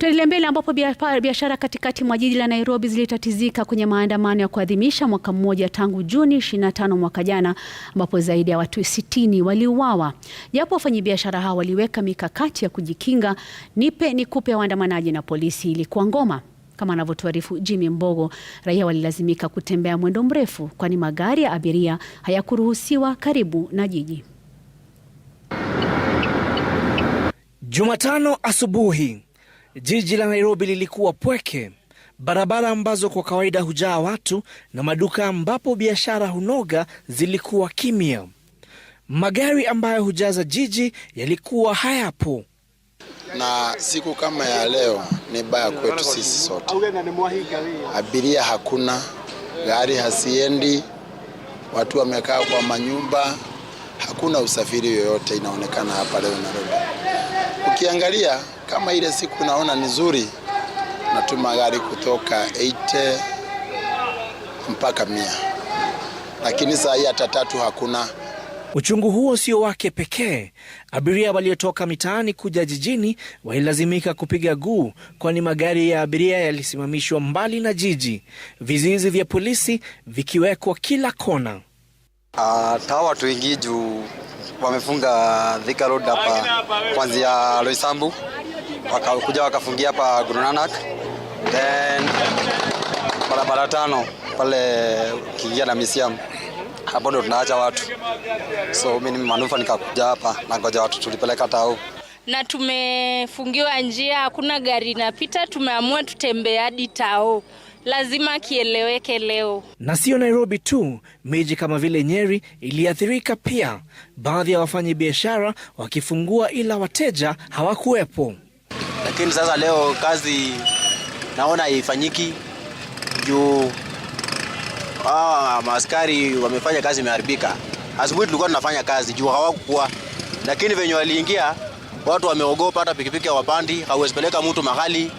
Tuendelee mbele ambapo biashara katikati mwa jiji la Nairobi zilitatizika kwenye maandamano ya kuadhimisha mwaka mmoja tangu Juni 25 mwaka jana ambapo zaidi ya watu 60 waliuawa. Japo wafanyabiashara hao waliweka mikakati ya kujikinga, nipe nikupe waandamanaji na polisi ilikuwa ngoma. Kama anavyotuarifu Jimmy Mbogo, raia walilazimika kutembea mwendo mrefu kwani magari ya abiria hayakuruhusiwa karibu na jiji. Jumatano asubuhi Jiji la Nairobi lilikuwa pweke, barabara ambazo kwa kawaida hujaa watu na maduka ambapo biashara hunoga zilikuwa kimya. Magari ambayo hujaza jiji yalikuwa hayapo, na siku kama ya leo ni baya kwetu sisi sote. Abiria hakuna, gari hasiendi, watu wamekaa kwa manyumba, hakuna usafiri yoyote inaonekana hapa leo Nairobi ukiangalia kama ile siku naona ni nzuri, natuma gari kutoka 80 mpaka mia, lakini saa hii hata tatu hakuna. Uchungu huo sio wake pekee. Abiria waliotoka mitaani kuja jijini walilazimika kupiga guu, kwani magari ya abiria yalisimamishwa mbali na jiji, vizuizi vya polisi vikiwekwa kila kona. Uh, watu wengi juu wamefunga Thika Road hapa kuanzia Loisambu wakakuja wakafungia hapa Gurunanak, then barabara tano pale kiingia na misiamu hapo ndo tunaacha watu, so mimi manufa nikakuja hapa na ngoja watu tulipeleka tao na tumefungiwa njia, hakuna gari inapita. Tumeamua tutembee hadi Tao, lazima kieleweke leo. Na sio Nairobi tu, miji kama vile Nyeri iliathirika pia, baadhi ya wafanyabiashara wakifungua ila wateja hawakuwepo lakini sasa leo kazi naona haifanyiki juu ah, maaskari wamefanya kazi imeharibika. Asubuhi tulikuwa tunafanya kazi juu hawakukuwa, lakini venye waliingia watu wameogopa, hata pikipiki hawapandi, hauwezipeleka mtu mahali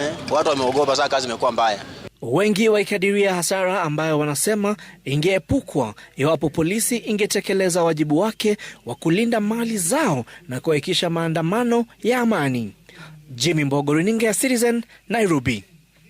eh, watu wameogopa. Sasa kazi imekuwa mbaya, wengi waikadiria hasara ambayo wanasema ingeepukwa iwapo polisi ingetekeleza wajibu wake wa kulinda mali zao na kuhakikisha maandamano ya amani. Jimmy Mbogo, runinga ya Citizen, Nairobi.